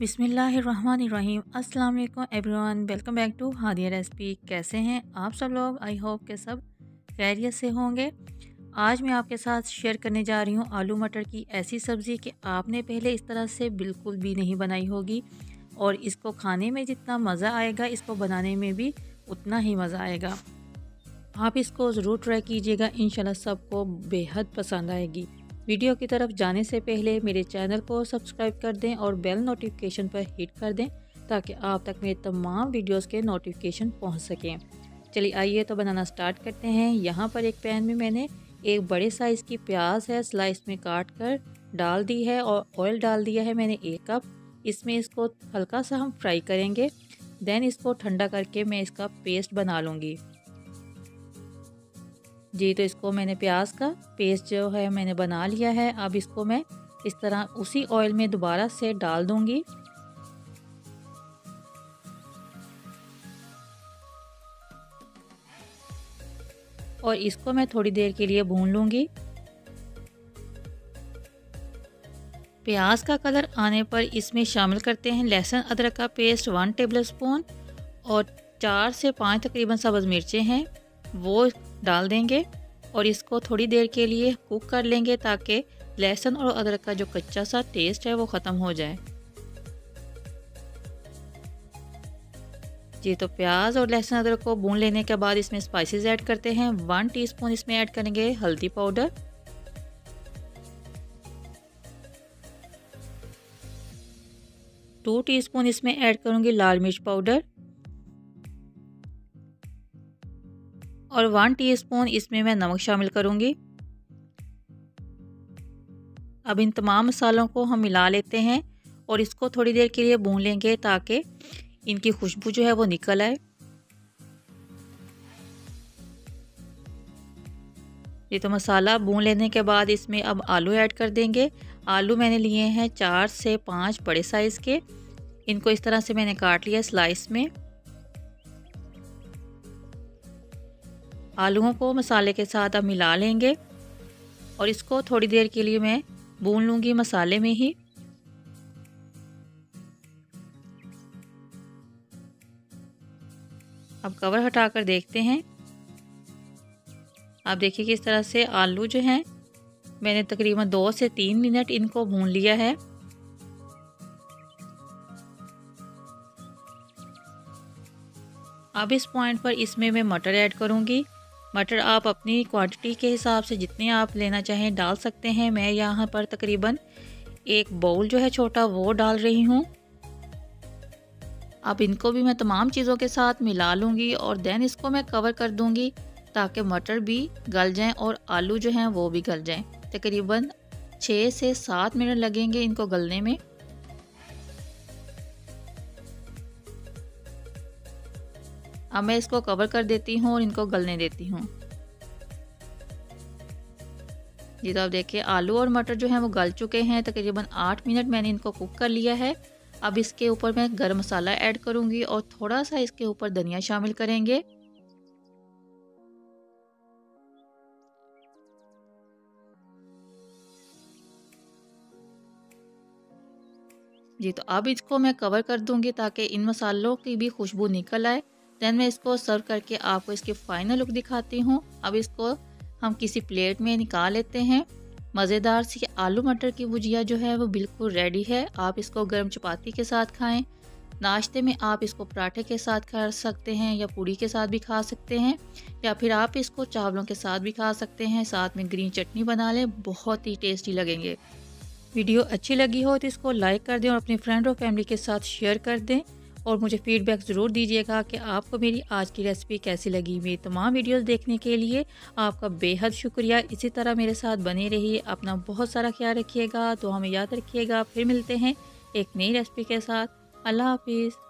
बिसमीम् अल्लाम वालेकुम everyone welcome back to Hadiya recipe कैसे हैं आप सब लोग आई होप के सब खैरियत से होंगे आज मैं आपके साथ शेयर करने जा रही हूँ आलू मटर की ऐसी सब्ज़ी कि आपने पहले इस तरह से बिल्कुल भी नहीं बनाई होगी और इसको खाने में जितना मज़ा आएगा इसको बनाने में भी उतना ही मज़ा आएगा आप इसको ज़रूर ट्राई कीजिएगा इन सबको बेहद पसंद आएगी वीडियो की तरफ जाने से पहले मेरे चैनल को सब्सक्राइब कर दें और बेल नोटिफिकेशन पर हिट कर दें ताकि आप तक मेरे तमाम वीडियोस के नोटिफिकेशन पहुंच सकें चलिए आइए तो बनाना स्टार्ट करते हैं यहाँ पर एक पैन में मैंने एक बड़े साइज़ की प्याज है स्लाइस में काट कर डाल दी है और ऑयल डाल दिया है मैंने एक कप इसमें इसको हल्का सा हम फ्राई करेंगे देन इसको ठंडा करके मैं इसका पेस्ट बना लूँगी जी तो इसको मैंने प्याज का पेस्ट जो है मैंने बना लिया है अब इसको मैं इस तरह उसी ऑयल में दोबारा से डाल दूंगी और इसको मैं थोड़ी देर के लिए भून लूंगी प्याज का कलर आने पर इसमें शामिल करते हैं लहसुन अदरक का पेस्ट वन टेबलस्पून और चार से पाँच तकरीबन सब्ज़ मिर्चें हैं वो डाल देंगे और इसको थोड़ी देर के लिए कुक कर लेंगे ताकि लहसुन और अदरक का जो कच्चा सा टेस्ट है वो ख़त्म हो जाए जी तो प्याज और लहसुन अदरक को भून लेने के बाद इसमें स्पाइसेस ऐड करते हैं वन टीस्पून इसमें ऐड करेंगे हल्दी पाउडर टू टीस्पून इसमें ऐड करूँगी लाल मिर्च पाउडर और वन टीस्पून इसमें मैं नमक शामिल करूंगी अब इन तमाम मसालों को हम मिला लेते हैं और इसको थोड़ी देर के लिए भून लेंगे ताकि इनकी खुशबू जो है वो निकल आए ये तो मसाला भून लेने के बाद इसमें अब आलू ऐड कर देंगे आलू मैंने लिए हैं चार से पाँच बड़े साइज़ के इनको इस तरह से मैंने काट लिया स्लाइस में आलूओं को मसाले के साथ अब मिला लेंगे और इसको थोड़ी देर के लिए मैं भून लूँगी मसाले में ही अब कवर हटाकर देखते हैं आप देखिए कि इस तरह से आलू जो हैं मैंने तकरीबन दो से तीन मिनट इनको भून लिया है अब इस पॉइंट पर इसमें मैं मटर ऐड करूंगी मटर आप अपनी क्वांटिटी के हिसाब से जितने आप लेना चाहें डाल सकते हैं मैं यहाँ पर तकरीबन एक बाउल जो है छोटा वो डाल रही हूँ अब इनको भी मैं तमाम चीज़ों के साथ मिला लूँगी और देन इसको मैं कवर कर दूँगी ताकि मटर भी गल जाएँ और आलू जो हैं वो भी गल जाएँ तकरीबन छः से सात मिनट लगेंगे इनको गलने में अब मैं इसको कवर कर देती हूँ और इनको गलने देती हूँ जी तो आप देखिए आलू और मटर जो है वो गल चुके हैं तकरीबन आठ मिनट मैंने इनको कुक कर लिया है अब इसके ऊपर मैं गर्म मसाला ऐड करूंगी और थोड़ा सा इसके ऊपर धनिया शामिल करेंगे जी तो अब इसको मैं कवर कर दूंगी ताकि इन मसालों की भी खुशबू निकल आए देन मैं इसको सर्व करके आपको इसकी फाइनल लुक दिखाती हूँ अब इसको हम किसी प्लेट में निकाल लेते हैं मज़ेदार सी आलू मटर की भुजिया जो है वो बिल्कुल रेडी है आप इसको गर्म चपाती के साथ खाएं नाश्ते में आप इसको पराठे के साथ खा सकते हैं या पूड़ी के साथ भी खा सकते हैं या फिर आप इसको चावलों के साथ भी खा सकते हैं साथ में ग्रीन चटनी बना लें बहुत ही टेस्टी लगेंगे वीडियो अच्छी लगी हो तो इसको लाइक कर दें और अपने फ्रेंड और फैमिली के साथ शेयर कर दें और मुझे फीडबैक ज़रूर दीजिएगा कि आपको मेरी आज की रेसिपी कैसी लगी मेरी तमाम वीडियोस देखने के लिए आपका बेहद शुक्रिया इसी तरह मेरे साथ बने रहिए अपना बहुत सारा ख्याल रखिएगा तो हमें याद रखिएगा फिर मिलते हैं एक नई रेसिपी के साथ अल्लाह हाफिज़